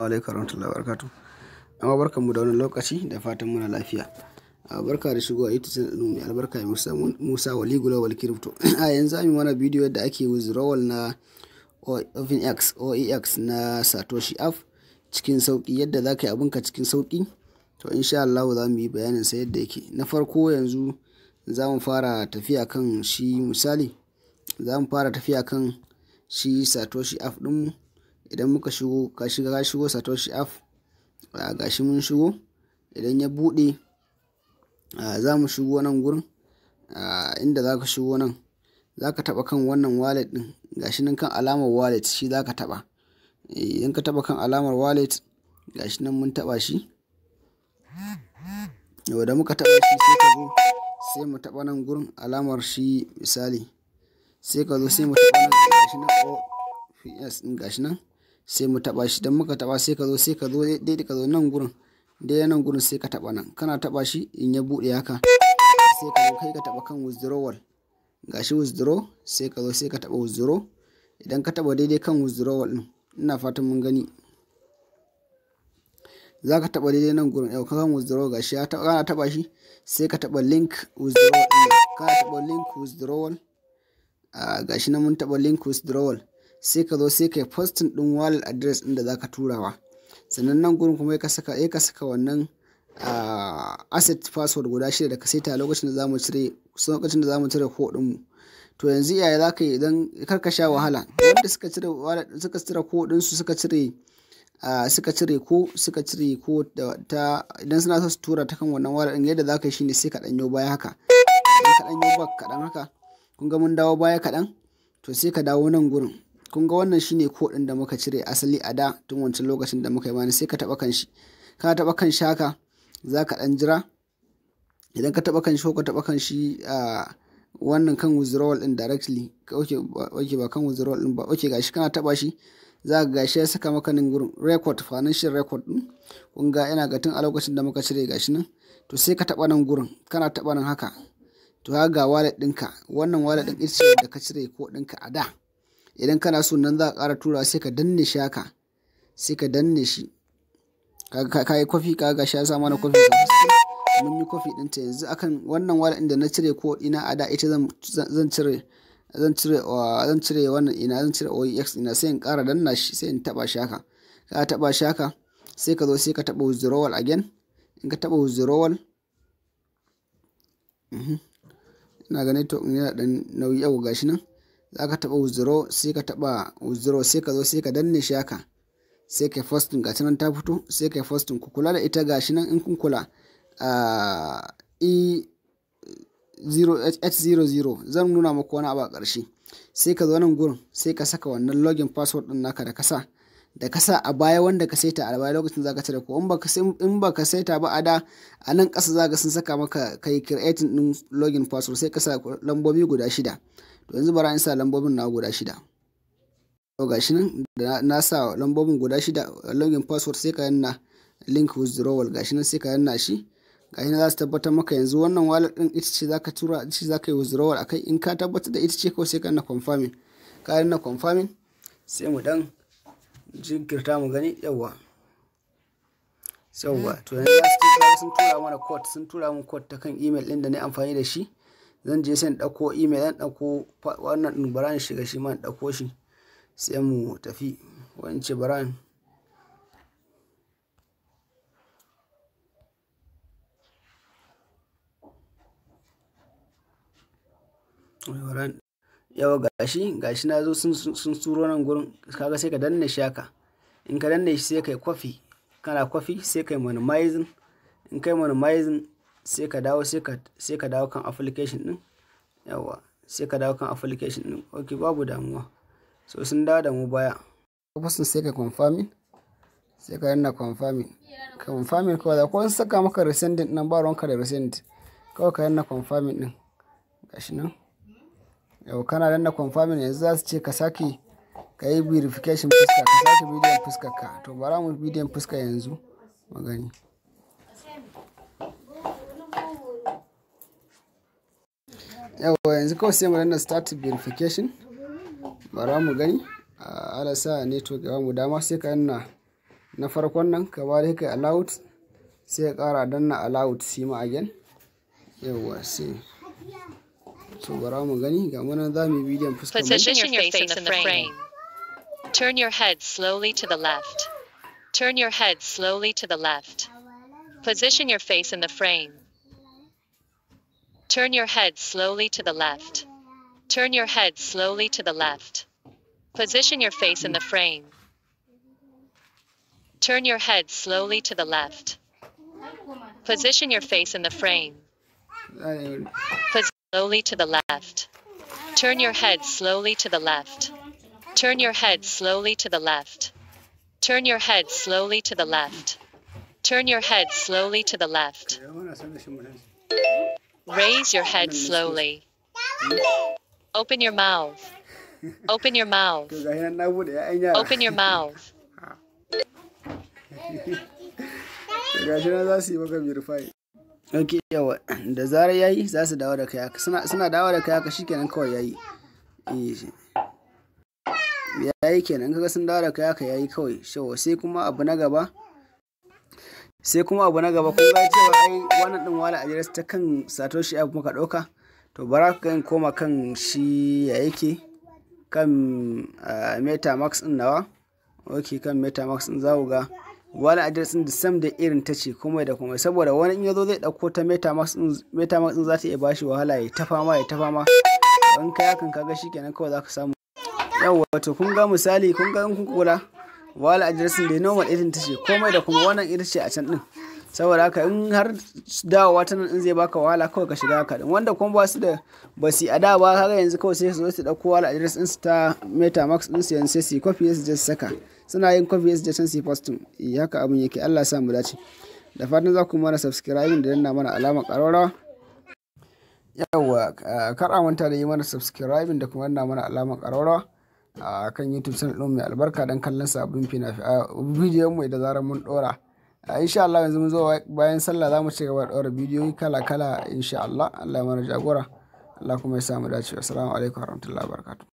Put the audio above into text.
alaikum warahmatullahi wabarakatuh. Amma barkan mu da wani lokaci da fatan muna lafiya. Barka da shigowa ita ce mai albarka Musa Musa Wali Global Crypto. A yanzu mu mana bidiyo da ake withdrawal na OpenX OEX na Satoshi app cikin sauki yadda za ka yi abinka cikin sauki. To insha Allah za mu yi bayanin sa yadda yake. Na farko yanzu za mu fara tafiya kan shi misali za mu fara tafiya kan shi Satoshi app ɗinmu. mu idan muka shigo ka shiga ka shigo satoshi app gashi mun shigo idan ya buɗe za mu shigo nan gurin inda za ka shigo nan za ka taɓa kan wannan wallet ɗin gashi nan kan alamar wallet shi za ka taɓa eh, idan ka taɓa kan alamar wallet gashi nan mun taɓa shi yau da muka taɓa shi sai ka zo sai mu taɓa nan gurin alamar shi misali sai ka zo sai mu taɓa nan gashi nan gashi nan sai mu taɓa shi don muka taɓa sai ka zo sai ka zo dai ka zo nan gurin dai nan gurin sai ka taɓa nan kana taɓa shi in ya buɗe haka sai ka zo kai ka taɓa kan withdrawal gashi withdraw sai ka zo sai ka taɓa withdraw idan ka taɓa daidai kan withdrawal ɗin ina fatan mun gani za ka taɓa daidai nan gurin yau kan withdrawal gashi ya kana taɓa shi sai ka taɓa link withdrawal ɗin kana taɓa link withdrawal ah, gashi nan mun taɓa link withdrawal sai ka zo sai ka yi postin din wallet address ɗin da ka turawa sannan nan gurin kuma ya saka ka saka wannan ah, asset password guda shida da ka saita lokacin da zamu cire kusan lokacin da zamu cire ko din mu to yanzu iyaye za ka yi idan karka sha wahala wanda suka cire suka cire ko din su suka cire ah, suka cire ko suka cire ko ta idan suna so su tura ta kan wannan wallet ɗin yadda za ka yi shine sai ka ɗanyo baya haka sai ka danyo back kadan haka kun ga mun dawo baya kaɗan to sai ka dawo nan gurin kun ga wannan shine ko din da muka cire asali a da tun wancan lokacin da muka yi bani sai ka taba kan shi ka taba kan shi haka za ka dan jira idan ka taba kan shi ko ka taba kan shi a wannan kan withdrawal din directly okay okay ba kan withdrawal din ba ok gashi kana taba shi za ka gashi ya saka maka nan gurin record financial record din kun ga yana ga tun a lokacin da muka cire gashi nan to sai ka taba nan gurin kana taba nan haka to ga wallet ɗinka wannan wallet ɗin ita ce da ka cire ko ɗinka a da idan kana so nan za a ƙara tura sai ka danne shi haka sai ka danne shi ka yi kwafi ka ga sha mana kwafi ga mun yi kwafi ɗinta yanzu akan wannan wala inda na cire ko ina a da ita zan cire zan cire zan cire wannan ina zan cire e x ina sai in ƙara danna shi sai in taba shi haka ka taba shi haka sai ka zo sai ka taba withdrawal again in ka taba withdrawal mhm, ina ga network ne da dan nauyi yau gashi nan za ka taɓa wuzuro sai ka taɓa wuzuro sai ka zo sai ka danne shi haka sai ka fostin gashi nan ta fito sai ka fostin ku kula da ita gashi nan in kun kula ah, e h00 zan nuna maku wani abu a ƙarshe sai ka zo nan gurin sai ka saka wannan login password din naka da kasa da kasa a baya wanda ka saita a baya lokacin zaka cire ko in ba ka saita ba a da a nan ƙasa zaka sun saka maka kai creating ɗin login password sai ka sa lambobi guda shida to yanzu bara in sa lambobin na guda shida to gashi nan na sa lambobin guda shida login password sai ka yanna link withdrawal gashi nan sai ka yanna shi gashi nan za su tabbatar maka yanzu wannan wallet din ita ce zaka tura ita ce zaka yi withdrawal akai in ka tabbatar da ita ce kawai sai ka yanna confirming ka yanna confirming sai mu dan jinkirta mu gani yawa yawa to yanzu sun tura mana code sun tura mun code ta kan email din da na amfani da shi zan je sai ɗauko email zan ɗauko wannan ɗin bara shiga shi ma ɗauko shi sai mu tafi wani ce bara yawa gashi gashi na zo sun tsuro nan gurin kaga sai ka danna shi haka in ka danna shi sai kai kofi kana kofi sai kai minimizing in kai minimizing sai ka dawo sai ka dawo kan application ɗin yawa sai ka dawo kan application ɗin ok babu damuwa so sun dawo da mu baya ofisin sai ka confirmin sai ka yana ka confirmin kawai da ko saka maka resending nan ba ruwanka da resend kawai ka yana confirming ɗin gashi nan yau kana danna confirmin yanzu za su ce ka sake ka yi verification fuska ka sake bidiyon fuska ka to bara mu bidiyon fuska yanzu magani yawa yanzu kawai sai mu danna start verification bara mu gani ala sa network ya mu dama sai ka danna na farkon nan ka ba dai kai allowed sai ya kara danna allowed shi ma again yawa sai so bara mu gani ga mu nan za mu yi bidiyon fuskar position your face in the frame turn your head slowly to the left turn your head slowly to the left position your face in the frame Turn your head slowly to the left. Turn your head slowly to the left. Position your face in the frame. Turn your head slowly to the left. Position your face in the frame. slowly to the left. Turn your head slowly to the left. Turn your head slowly to the left. Turn your head slowly to the left. Turn your head slowly to the left. Raise your head slowly. Open your mouth. Open your mouth. Open your mouth. Ok, yawa da zarar yayi za su dawo da kai haka suna dawo da kai haka shikenan kawai yayi eh. yayi kenan kaga sun dawo da kai haka yayi kawai shawo sai kuma abu na gaba sai kuma abu na gaba kun ga cewa ai wannan din wala address ta kan satoshi app muka dauka to bara ka kan koma kan shi ya yake kan eh, meta max din nawa okay kan meta max din za ku ga wala address din sam da irin ta ce kuma da kuma saboda wani in yazo zai dauko ta max din max din za ta iya bashi wahala ya ta fama ya ta fama in kai hakan kaga shikenan kawai za ka samu yawa to kun ga misali kun ga in kun kula wala addressing da normal irin ta ce komai da kuma wannan irin ce a can din saboda haka in har dawowa ta nan in zai baka wahala kawai ka shiga haka din wanda kuma ba su da ba su a da ba haka yanzu kawai sai su zo su dauko wala address din su ta metamax din su yanzu sai su copy su je su saka suna yin copy su je can su posting eh, haka ya yake Allah ya sa mu dace da fatan za ku mana subscribing da danna mana alamar karora yawwa kar a manta da yi mana subscribing da kuma danna mana alamar karora a kan youtube channel ɗin mai albarka don kallon sabbin bidiyon mai da zarar mun ɗora insha Allah yanzu mun zo bayan sallah za mu ci gaba da ɗora bidiyo kala kala insha Allah Allah ya mana jagora Allah kuma ya samu dace assalamu alaikum warahmatullahi wabarakatuh